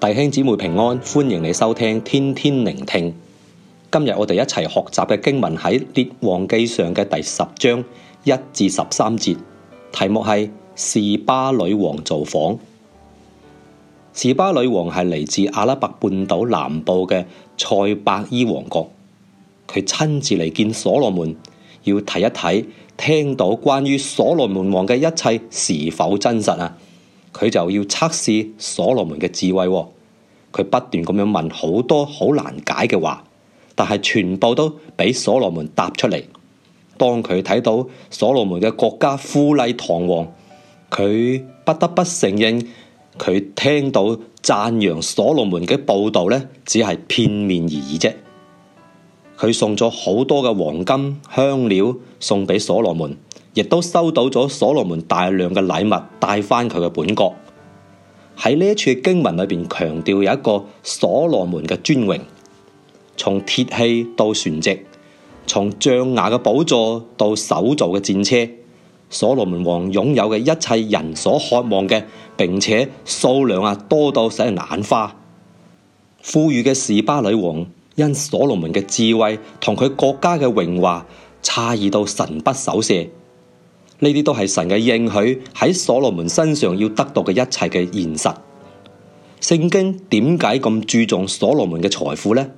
弟兄姊妹平安，歡迎你收聽天天聆聽。今日我哋一齊學習嘅經文喺列王記上嘅第十章一至十三節，題目係示巴女王造訪。示巴女王係嚟自阿拉伯半島南部嘅賽伯伊王國，佢親自嚟見所羅門，要睇一睇聽到關於所羅門王嘅一切是否真實啊！佢就要測試所羅門嘅智慧喎，哦，佢不斷咁樣問好多好難解嘅話，但係全部都俾所羅門答出嚟。當佢睇到所羅門嘅國家富麗堂皇，佢不得不承認，佢聽到讚揚所羅門嘅報導呢，只係片面而已啫。佢送咗好多嘅黃金香料送俾所羅門。亦都收到咗所羅門大量嘅禮物，帶返佢嘅本國。喺呢一處經文裏邊強調有一個所羅門嘅尊榮，從鐵器到船隻，從象牙嘅寶座到手造嘅戰車，所羅門王擁有嘅一切人所渴望嘅，並且數量啊多到使人眼花。富裕嘅示巴女王因所羅門嘅智慧同佢國家嘅榮華，詫異到神不守舍。呢啲都係神嘅應許喺所羅門身上要得到嘅一切嘅現實。聖經點解咁注重所羅門嘅財富呢？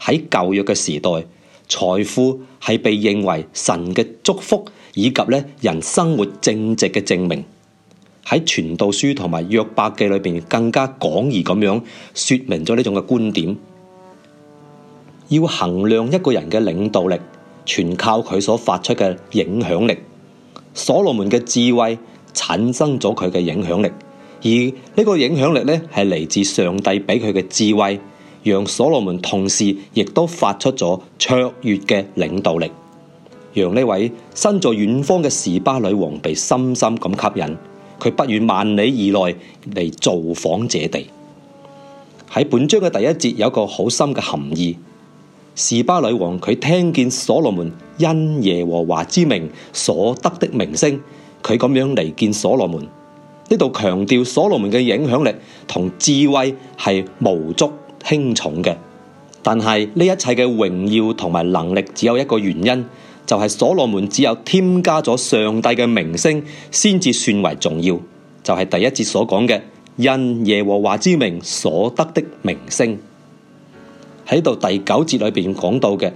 喺舊約嘅時代，財富係被認為神嘅祝福以及咧人生活正直嘅證明。喺傳道書同埋約伯記裏邊，更加廣義咁樣說明咗呢種嘅觀點。要衡量一個人嘅領導力，全靠佢所發出嘅影響力。所羅門嘅智慧產生咗佢嘅影響力，而呢個影響力呢係嚟自上帝畀佢嘅智慧，讓所羅門同時亦都發出咗卓越嘅領導力，讓呢位身在遠方嘅示巴女王被深深咁吸引，佢不遠萬里而來嚟造訪這地。喺本章嘅第一節有一個好深嘅含義。示巴女王佢聽見所羅門因耶和華之名所得的名聲，佢咁樣嚟見所羅門，呢度強調所羅門嘅影響力同智慧係無足輕重嘅。但係呢一切嘅榮耀同埋能力只有一個原因，就係所羅門只有添加咗上帝嘅名聲，先至算為重要。就係第一節所講嘅因耶和華之名所得的名聲。喺度第九節裏邊講到嘅，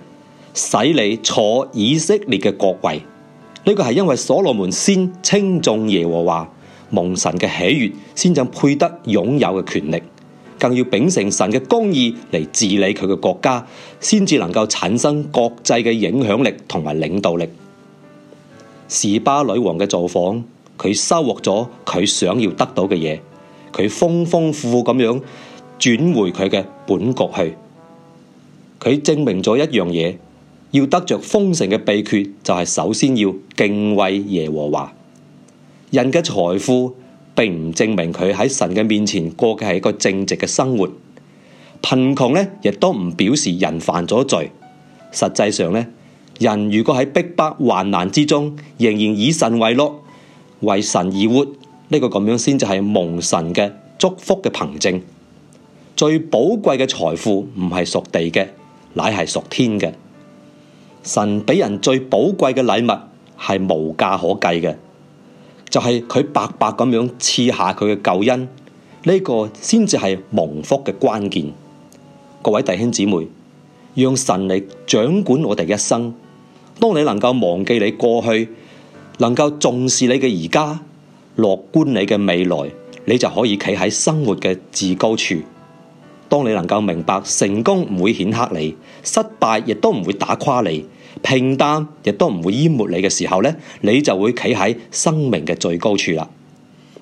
使你坐以色列嘅國位呢個係因為所羅門先稱頌耶和華，蒙神嘅喜悅，先至配得擁有嘅權力，更要秉承神嘅公義嚟治理佢嘅國家，先至能夠產生國際嘅影響力同埋領導力。示巴女王嘅造訪，佢收穫咗佢想要得到嘅嘢，佢豐豐富富咁樣轉回佢嘅本國去。佢證明咗一樣嘢，要得着豐盛嘅秘訣就係首先要敬畏耶和華。人嘅財富並唔證明佢喺神嘅面前過嘅係一個正直嘅生活。貧窮呢，亦都唔表示人犯咗罪。實際上呢，人如果喺逼迫患難之中，仍然以神為樂，為神而活，呢個咁樣先就係蒙神嘅祝福嘅憑證。最寶貴嘅財富唔係屬地嘅。乃係屬天嘅，神俾人最寶貴嘅禮物係無價可計嘅，就係、是、佢白白咁樣賜下佢嘅救恩，呢、這個先至係蒙福嘅關鍵。各位弟兄姊妹，讓神嚟掌管我哋一生。當你能夠忘記你過去，能夠重視你嘅而家，樂觀你嘅未來，你就可以企喺生活嘅至高處。當你能夠明白成功唔會顯赫你，失敗亦都唔會打垮你，平淡亦都唔會淹沒你嘅時候呢，你就會企喺生命嘅最高處啦。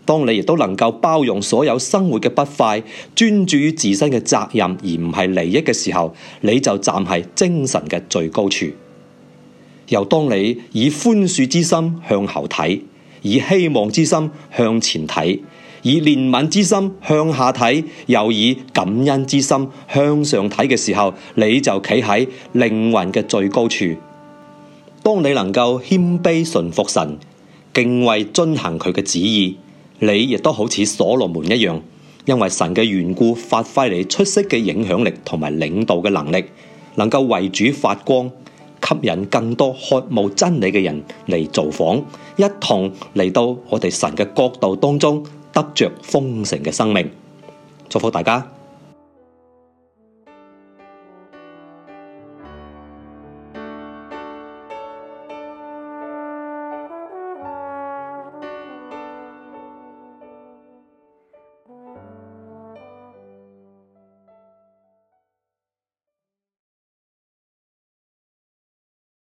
當你亦都能夠包容所有生活嘅不快，專注於自身嘅責任而唔係利益嘅時候，你就站喺精神嘅最高處。又當你以寬恕之心向後睇，以希望之心向前睇。以憐憫之心向下睇，又以感恩之心向上睇嘅時候，你就企喺靈魂嘅最高處。當你能夠謙卑順服神，敬畏遵行佢嘅旨意，你亦都好似所羅門一樣，因為神嘅緣故，發揮你出色嘅影響力同埋領導嘅能力，能夠為主發光，吸引更多渴慕真理嘅人嚟造訪，一同嚟到我哋神嘅國度當中。得着豐盛嘅生命，祝福大家！